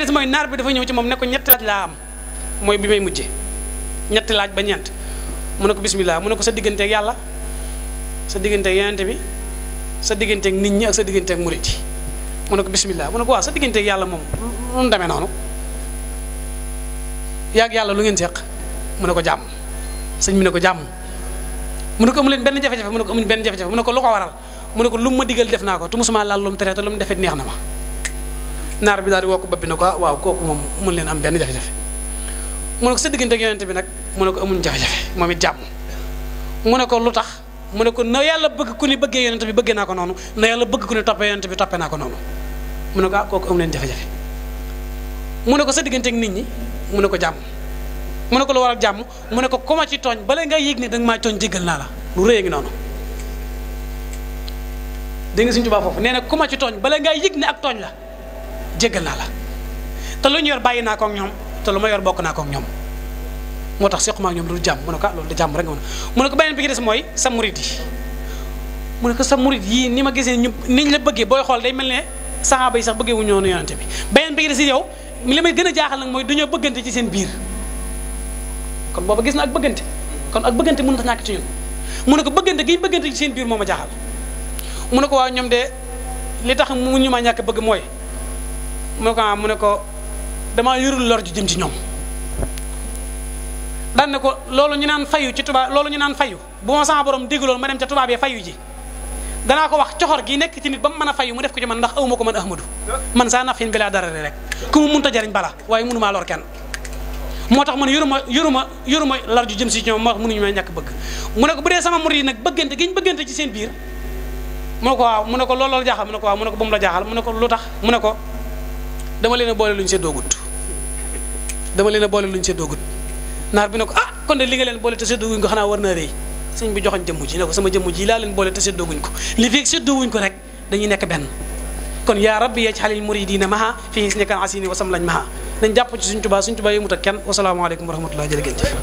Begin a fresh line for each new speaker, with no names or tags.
bi sama nar bi dafa ñew ci mom ne ko ñett laaj la am moy bi may mujjé ñett laaj ba ñeent mu ne ko bismillah mu ne ko sa digënté ak yalla sa digënté ak yonente bi sa digënté ak nit ñi ak sa digënté ak mouride mu ne ko bismillah mu ne ko wa sa digënté ak yalla mom lu mu nonu noonu yaag yàlla lu ngeen seq mu ne ko jamm señ bi ne ko jamm mu ne ko mu leen benn jafé jafé mu ne ko amuñ benn jafé jafé mu ne ko lu ko waral mu ne ko lu ma digël def naa ko tu musuma laal lu mu tere te lu mu defet neex na ma nar bi daal di ko bopp bi ne ko waaw kooku moom mun leen am benn jafe-jafe mu ne ko sa yonent bi nak mu ko amuñ jafe-jafe moom it jàmm mu ne ko lu tax ko na yàlla bëgg ku ni bëggee yonent bi bëggee naa ko na yàlla bëgg ku ni toppee yonent bi toppee naa ko noonu ko ah kooku amu leen jafe-jafe mu ne ko sa diggante ak nit ñi mu ko jàmm mu ne ko lu waral jàmm mu ko kuma ci togn bala nga yegni ne ma togn jéggal la lu rëy ngi nga suñu tubaab foofu nee ci togn bala nga yegni ak togn la jéggal na la te lu ñu yor bàyyi naa koog ñoom te lu ma yor bokk na ko ak ñom motax sequma ma ñom du jam mu ne ko lolu ah, loolu da jàmm rek mu ne ko benen bi ci dess moy sa mouride mu ne ko sa mouride yi ni ma gisee ñu niñ la bëgge boy xol day melne sahaba yi sax bëgge wu ñoo ñu yonante bi benen bi ci dess yow li may gën jaaxal nak moy duñu bëggante ci seen biir kon bobu gis na ak bëggante kon ak bëggante mu ne tax ñàkk ci ñu mu ne ko bëggante gi bëggante ci seen biir moma jaaxal mu ne ko wa ñom de li tax mu ñuma ñak bëgg moy mu ko mu ne ko dama yurul lor ju jëm ci ñom dan ne ko lolu ñu naan fayu ci tuba lolu ñu naan fayu bu ma sama borom digaloon ma dem ci tuba yi ya fayu ji dana ko wax xor gi nek ci nit ba fayu mu def ko ci man ndax awmako man ahmadu man sa nafin bila dara rek ku mu munta jariñ bala waaye ma lor ken motax man yuruma yuruma yuruma lar ju jëm ci ñom ñu ma ñak bëgg mu ne ko bu sama murid nak bëggante giñ bëggante ci seen biir mu ne ko mu ne ko lolu la mu ne ko mu ne ko bu la jaxal mu ne ko lutax mu ne ko dama leen boole lu ñu see doogut dama leen boole lu ñu see naar bi ne ko ah kon de li nga leen boole te séddooguñ ko xanaa war naa rëy sëñ bi joxoñ jëmm ji ne ko sama jëmm ji laa leen boole te séddooguñ ko li feeg séddoowuñ ko rek dañuy nekk benn kon yaa rabbi yee ci xalil muridina maha fii gis nekkan asini wasam lañ maha dañ jàpp ci suñ tubaa suñ tubaa yëmut ak kenn wasalaamaaleykum wa rahmatullah jërëgéen jëf